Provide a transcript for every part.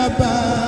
ربا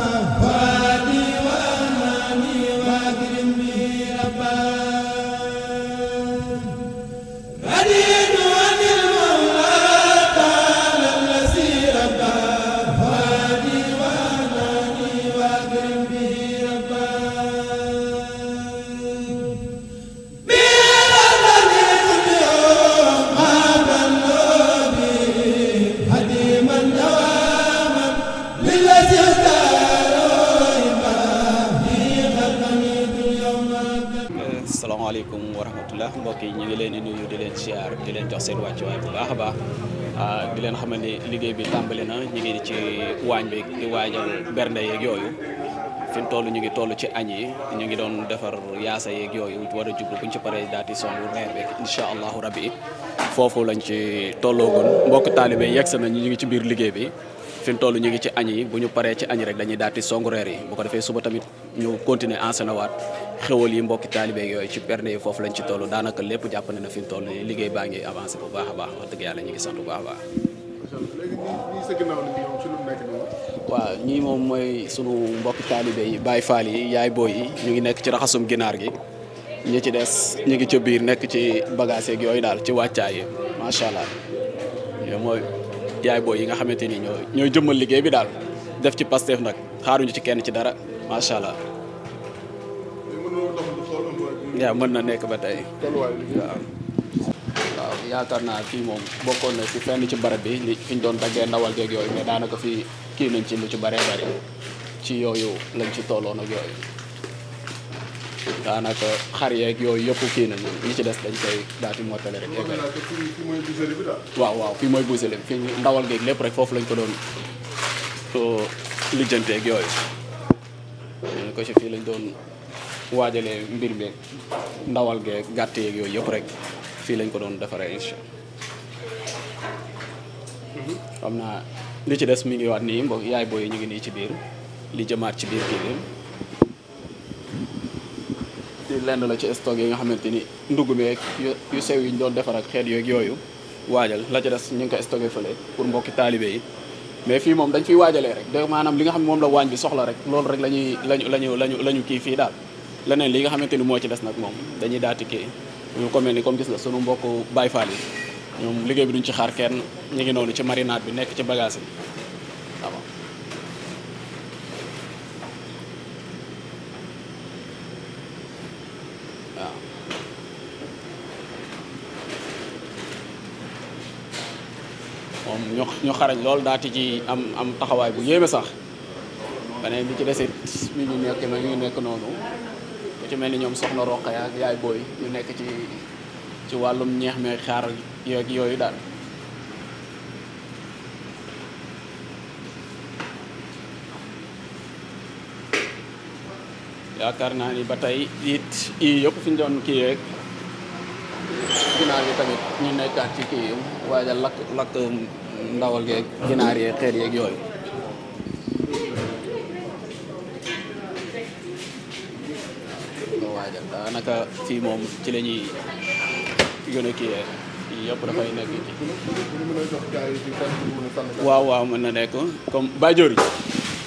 asalaamaaleykum wa rahmatullah mbokk yi ñu ngi leen di nuyu di leen siyaar di leen jox seen wàccuwaay bu baax a baax ah, di leen xamal ni liggéey bi tàmbali na ñu ngi ci waañ bi di waajal bernde yeeg yooyu fi mu toll ñu ngi toll ci añ yi ñu ngi doon defar yaasa yeeg yooyu war a jublu buñ ci paree daal di songu reer beeg allahu rabbi foofu lañ ci tolloogoon mbokk taalibe yegg na nañ ñu ngi ci biir liggéey bi. fi mu toll ñu ngi ci añ yi bu ñu paree ci añ rek dañuy daal di songu reer yi bu ko defee suba tamit ñu continuer enseigné waat xéwal yi mbokki taalibe yooyu ci perne yi foofu lañ ci tollu daanaka lépp jàpp ne na fi mu toll nii liggéey ngi avancé bu baax baax wax yàlla ñu ngi sant bu baax a baax. waaw ñii moom mooy sunu mbokki taalibe yi Baay Faal yi yaay booy yi ñu ngi nekk ci raxasum ginaar gi ñi ci des ñu ngi ca biir nekk ci bagage yooyu daal ci wàccaay yi macha allah jaay booy yi nga xamante ni ñoo ñooy jëmmal liggéey bi daal def ci Pastef nag xaaruñu ci kenn ci dara macha allah. yaa mën na nekk ba tey waaw. waaw naa fii moom bokkoon na si fenn ci barab bi li fi ñu doon daggee ndawal geeg yooyu mais daanaka fii kii nañ ci lu ci baree bari ci yooyu lañ ci tolloon ak yooyu. daanaka xar yeeg yooyu yëpp kii nañu ñi ci des dañ koy daal di mottale rek. waaw waaw fii mooy bousez leen fi ndawal geeg lépp rek foofu lañ ko doon lijjanteeg yooyu. ñu ko ci fii lañ doon waajalee mbir mi ndawal geeg gàtt yeeg yooyu yëpp rek fii lañ ko doon defaree incha mhm. xam naa li ci des mi ngi waat nii mbokk yaay booy ñu ngi nii ci biir li jëmaat ci biir kii ci lenn la ci stock yi nga xamante ni ndugg meeg yu sew yi ñu doon defar ak xeet yeeg yooyu waajal la ci des ñu ngi ko stocké fële pour mbokki taalibe yi mais fii moom dañ fiy waajalee rek de maanaam li nga xam ne moom la waañ bi soxla rek loolu rek lañuy ñuy lañu lañu lañu la ñu kii fii daal leneen li nga xamante ni moo ci des nag moom dañuy daati kii ñu ko mel ni comme gis nga sunu mbokk Baay Faal yi ñoom liggéey bi duñ ci xaar kenn ñu ngi noonu ci marinade bi nekk ci bagage yi moom ñu ñu xarañ lool daati ci am am taxawaay bu yéeme sax beneen bi ci desit mi ñu nekk mi nekk noonu ku ci mel ni ñoom soxna Roqaya ak yaay booy ñu nekk ci ci wàllum ñeex mi xaar yeeg yooyu daal yaakaar naa ni ba tey it yii yëpp fi ñu doon kii yeeg ginnaaw yi tamit ñu nekkaat ci kii waajal lakk ndawal geeg ginaar yeeg xeet yeeg yooyu ko waajal daanaka fii moom ci lañuy ñuy gën a kiyee yëpp dafay nekk ci waaw waaw mën na nekk comme bajoor yi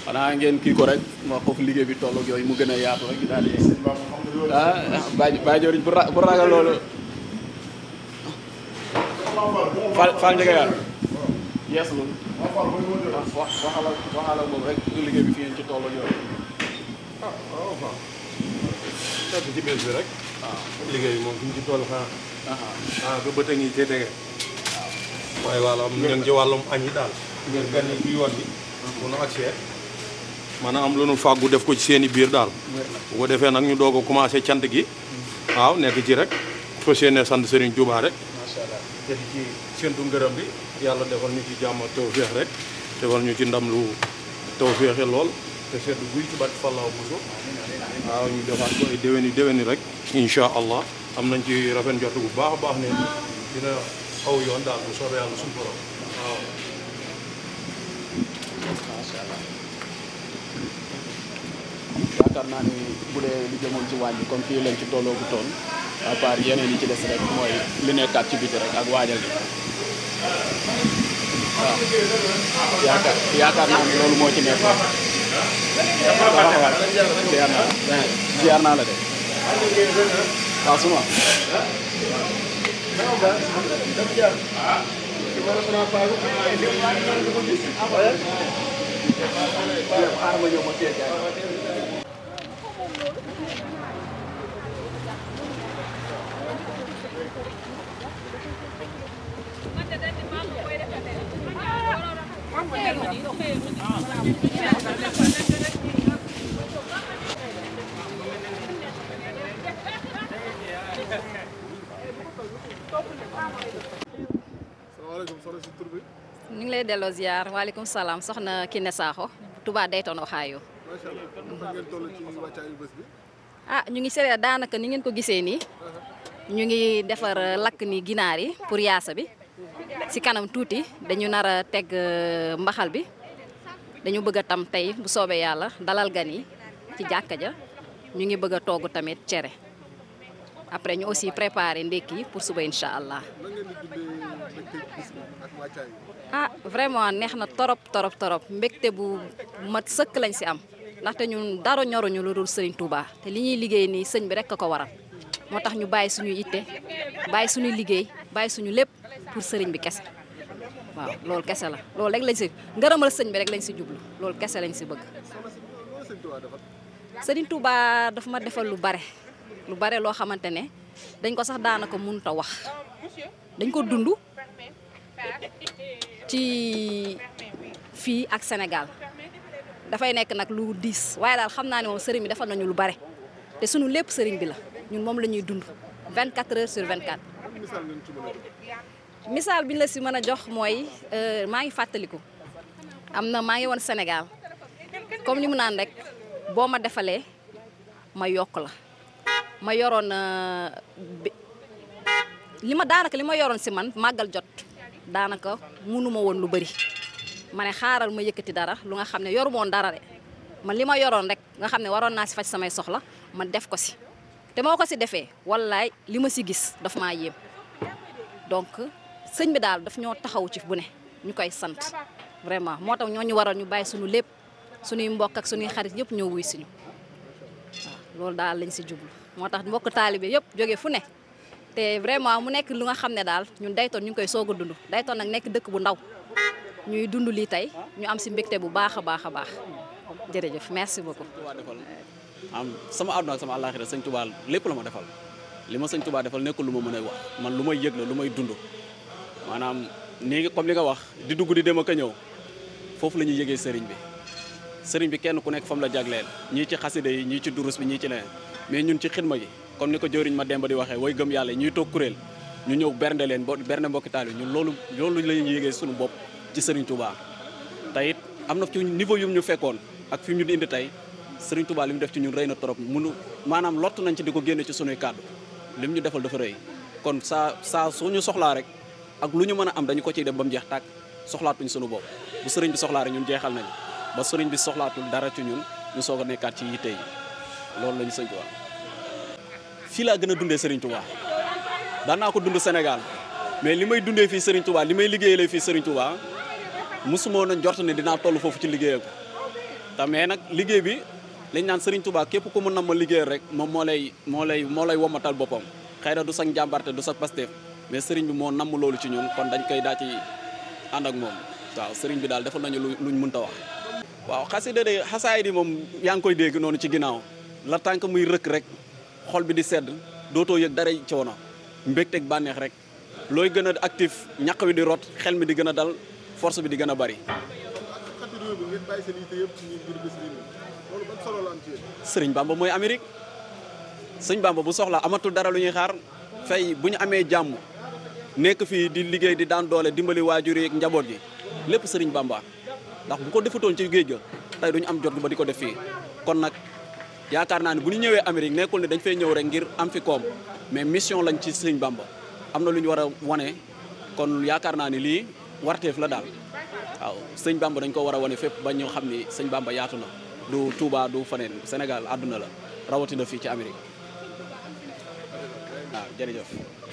xanaa ngeen kii ko rek ma xof liggéey bi toll ak yooyu mu gën a yaatu rek daal di ah bu ragal loolu Fall Fall Ndiaga jees lu moom rek liggéey bi fi ci toll ak yooyu. rek. liggéey moom fi ci toll xanaa. ah ba bët a ngi ci wàllum añ yi daal. yoon yi. maanaam lu nu fàggu def ko ci seen i biir daal. bu ko defee nag ñu doog a commencé cant gi. waaw nekk ci rek. fas yéene sant Serigne Touba rek. te di ci ngërëm bi yàlla defal ñu ci jàmm tawféex rek defal ñu ci ndam lu tawféexe lool te sedd guy ci barke Fallaaw Bousso waaw ñu defaat ko ay déwéni déwéni rek incha allah am nañ ci rafet njort bu baax a baax ne dina aw yoon daal bu soobee yàlla suñu borom waaw yaakaar naa ni bu dee li jëmoon ci wàññi comme fii lañ ci tolloo bu toon à part yeneen yi ci des rek mooy li nekkaat ci biti rek ak waajal gi waaw yaakaar yaakaar naa ne loolu moo ci nekk waaw ziar naa la ziar naa la de waaw suma waaw ñu ngi lay delloo ziar waaleykum salaam soxna Kiné Sakho Touba Dayton Ohio. ah ñu ngi seree daanaka ni ngeen ko gisee nii. ñu ngi defar euh, lakk ni ginaar yi pour yaasa bi ci kanam tuuti dañu nar a teg euh, mbaxal bi dañu bëgg a tam tey bu soobee yàlla dalal gan yi ci jàkka ja ñu ngi bëgg a togg tamit cere après ñu aussi préparer ndékki yi pour suba incha allah. ah vraiment neex na torop torop torop mbégte bu mat sëkk lañ si am ndaxte ñun dara ñoruñu lu dul sëriñ Touba te li ñuy liggéey nii sëñ bi rekk a ko waral. moo tax ñu bàyyi suñu yitte bàyyi suñuy liggéey bàyyi suñu lépp pour sëriñ bi kese waaw loolu kese la loolu rek lañ si ngërëmal sëñ bi rek lañ si jublu loolu kese lañ si bëgg. sëriñ Touba dafa ma defal lu bare lu bare loo xamante ne dañ ko sax daanaka mënut a wax dañ ko dund ci fii ak Sénégal dafay nekk nag lu diis waaye daal xam naa ne moom sëriñ bi defal nañu lu bare te sunu lépp sëriñ bi la. ñun moom la ñuy dund 24 heures sur 24. misaal bi ñu la si mën a jox mooy euh, maa ngi fàttaliku am na maa ngi woon Sénégal comme ni mu naan rek boo ma defalee ma yokk la ma yoroon euh, li ma daanaka li ma yoroon si man màggal jot daanaka munuma woon lu bëri ma ne xaaral ma yëkkati dara lu nga xam ne yorumoon dara de man li ma yoroon rek nga xam ne waroon naa si faj samay soxla ma def ko si. te moo ko si defee wallaay li ma si gis dafa maa yéem donc sëñ bi daal dafa ñoo taxaw ci bu ne ñu koy sant vraiment moo tax ñoo ñu waral ñu bàyyi suñu lépp suñuy mbokk ak suñuy xarit yëpp ñoo wuy siñu waaw loolu daal lañ si jublu moo tax mbokk taalibe yëpp jóge fu ne te vraiment mu nekk lu nga xam ne daal ñun daytoon ñu ngi koy soog a dund daytoon nag nekk dëkk bu ndaw ñuy dund lii tey ñu am si mbégte bu baax a baax a baax jërëjëf merci beaucoup am sama àdduna ak sama àllaaxira sëñ Tuubaa lépp la ma defal li ma sëñ Tuubaa defal nekkul lu ma mën a wax man lu may yëg la lu may dund maanaam nii comme li nga wax di dugg di dem ak a ñëw foofu la ñuy yëgee sëriñ bi sëriñ bi kenn ku nekk fam la jagleel ñii ci xasida yi ñii ci durus bi ñii ci leneen mais ñun ci xidma yi comme ni ko jëriñ ma demba di waxee way gëm yàlla ñuy toog kuréel ñu ñëw bernde leen bo bernde mbokki taal yi ñun loolu loolu la ñuy yëgee suñu bopp ci sëriñ Tuubaa te it am na ci niveau yum ñu fekkoon ak fi mu ñu indi tey Serigne Touba li mu def ci ñun rëy na trop munu maanaam lott nañ ci di ko génne ci sunuy kàddu lim ñu defal dafa rëy kon saa saa suñu soxlaa rek ak lu ñu mën a am dañu ko ciy dem ba mu jeex tàkk soxlaatuñ sunu bopp bu sëriñ bi soxlaa rek ñun jeexal nañu ba sëriñ bi soxlaatul dara ci ñun ñu soog a nekkaat ci yitte yi loolu lañu ñu sëñ Touba fii laa gën a dundee Serigne Touba daan naa ko dund Sénégal mais li may dundee fii sëriñ Touba li may liggéeyalee fii Serigne Touba mosuma woon a ne dinaa toll foofu ci liggéeyal mais nag liggéey bi lañ naan Serigne Touba képp ku mu nam ma liggéeyal rek moom moo lay moo lay moo lay womatal boppam xëy na du sax njàmbarte du sax pasteef mais Serigne bi moo namm loolu ci ñoom kon dañ koy daa ci ànd ak moom waaw sëriñ bi daal defal nañu luñ mënta wax. waaw xasida de xasaay di moom yaa ngi koy dégg noonu ci ginnaaw la tànk muy rëkk rek xol bi di sedd dootoo yëg dara coono teg bànneex rek looy gën a actif ñaq wi di rot xel mi di gën a dal force bi di gën a bari. Sëriñ Bamba mooy Amérique sëñ Bamba bu soxla amatul dara lu ñuy xaar fay bu ñu amee jàmm nekk fii di liggéey di daan doole dimbali waajur yi ak njaboot yi lépp Sëriñ Bamba ndax bu ko defatoon ci géej ga tey duñu am jot gu ba di ko def fii kon nag yaakaar naa ne bu ñu ñëwee Amérique nekkul ne dañ fay ñëw rek ngir am fi koom mais mission lañ ci Sëriñ Bamba am na lu ñu war a wane kon yaakaar naa ni lii warteef la daal waaw sëñ Bamba dañ ko war a wane fépp ba ñoo xam ni sëñ Bamba yaatu na du Touba du faneen Sénégal àdduna la rawatina fii ci Amérique waaw jërëjëf